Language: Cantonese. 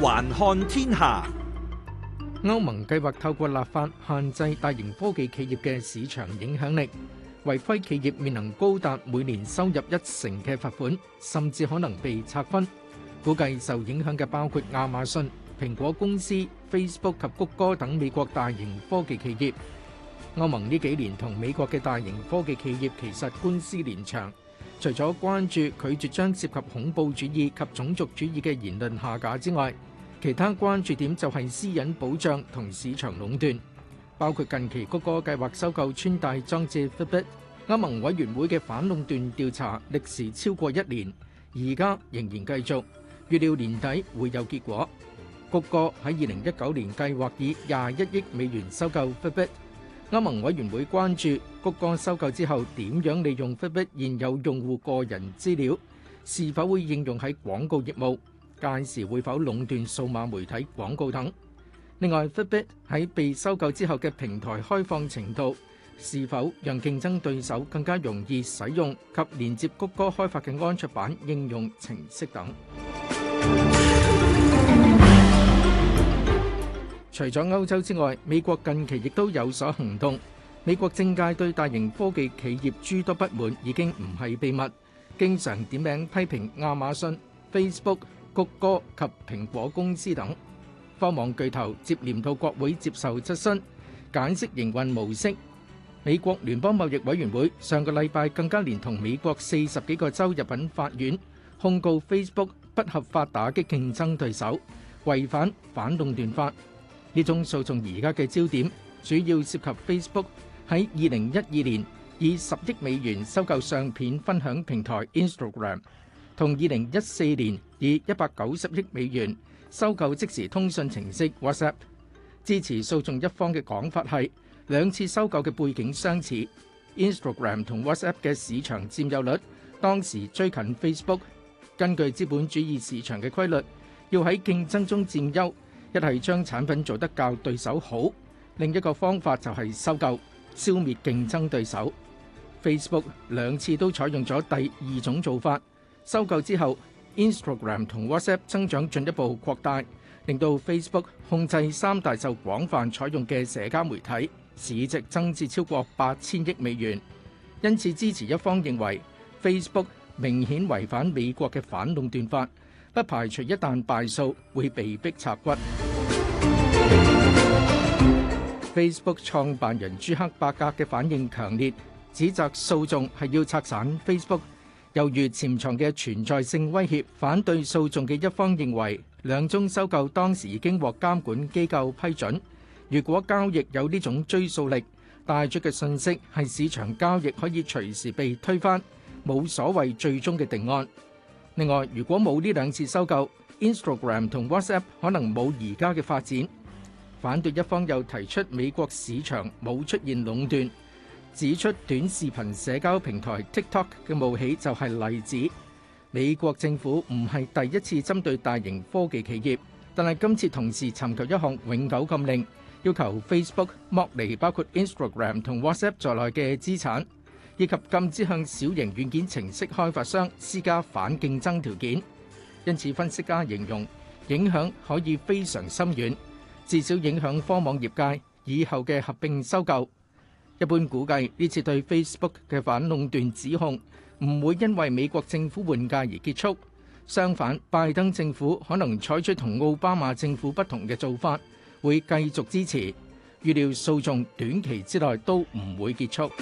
環看天下，歐盟計劃透過立法限制大型科技企業嘅市場影響力，違規企業面臨高達每年收入一成嘅罰款，甚至可能被拆分。估計受影響嘅包括亞馬遜、蘋果公司、Facebook 及谷歌等美國大型科技企業。歐盟呢幾年同美國嘅大型科技企業其實官司連場，除咗關注拒絕將涉及恐怖主義及種族主義嘅言論下架之外，其他關注點就係私隱保障同市場壟斷，包括近期谷歌計劃收購穿戴裝置 Fitbit，歐盟委員會嘅反壟斷調查歷時超過一年，而家仍然繼續，預料年底會有結果。谷歌喺二零一九年計劃以廿一億美元收購 Fitbit，歐盟委員會關注谷歌收購之後點樣利用 Fitbit 現有用戶個人資料，是否會應用喺廣告業務。屆時會否壟斷數碼媒體廣告等？另外，Fitbit 喺被收購之後嘅平台開放程度，是否讓競爭對手更加容易使用及連接谷歌開發嘅安卓版應用程式等？除咗歐洲之外，美國近期亦都有所行動。美國政界對大型科技企業諸多不滿已經唔係秘密，經常點名批評亞馬遜、Facebook。谷歌及蘋果公司等科網巨頭接連到國會接受質詢，解釋營運模式。美國聯邦貿易委員會上個禮拜更加連同美國四十幾個州入稟法院控告 Facebook 不合法打擊競爭對手，違反反壟斷法。呢宗訴訟而家嘅焦點主要涉及 Facebook 喺二零一二年以十億美元收購相片分享平台 Instagram，同二零一四年。以一百九十億美元收購即時通訊程式 WhatsApp，支持訴訟一方嘅講法係兩次收購嘅背景相似。Instagram 同 WhatsApp 嘅市場佔有率當時追近 Facebook。根據資本主義市場嘅規律，要喺競爭中佔優，一係將產品做得較對手好，另一個方法就係收購，消滅競爭對手。Facebook 兩次都採用咗第二種做法，收購之後，Instagram 同 WhatsApp 增長進一步擴大，令到 Facebook 控制三大受廣泛採用嘅社交媒體，市值增至超過八千億美元。因此支持一方認為 Facebook 明顯違反美國嘅反壟斷法，不排除一旦敗訴會被逼拆骨。Facebook 創辦人朱克伯格嘅反應強烈，指責訴訟係要拆散 Facebook。由於潛藏嘅存在性威脅，反對訴訟嘅一方認為，兩宗收購當時已經獲監管機構批准。如果交易有呢種追溯力，帶出嘅信息係市場交易可以隨時被推翻，冇所謂最終嘅定案。另外，如果冇呢兩次收購，Instagram 同 WhatsApp 可能冇而家嘅發展。反對一方又提出美國市場冇出現壟斷。指出短視頻社交平台 TikTok 嘅冒起就係例子。美國政府唔係第一次針對大型科技企業，但係今次同時尋求一項永久禁令，要求 Facebook 剝離包括 Instagram 同 WhatsApp 在內嘅資產，以及禁止向小型軟件程式開發商施加反競爭條件。因此，分析家形容影響可以非常深遠，至少影響科網業界以後嘅合併收購。一般估計，呢次對 Facebook 嘅反壟斷指控唔會因為美國政府換屆而結束，相反，拜登政府可能採取同奧巴馬政府不同嘅做法，會繼續支持。預料訴訟短期之內都唔會結束。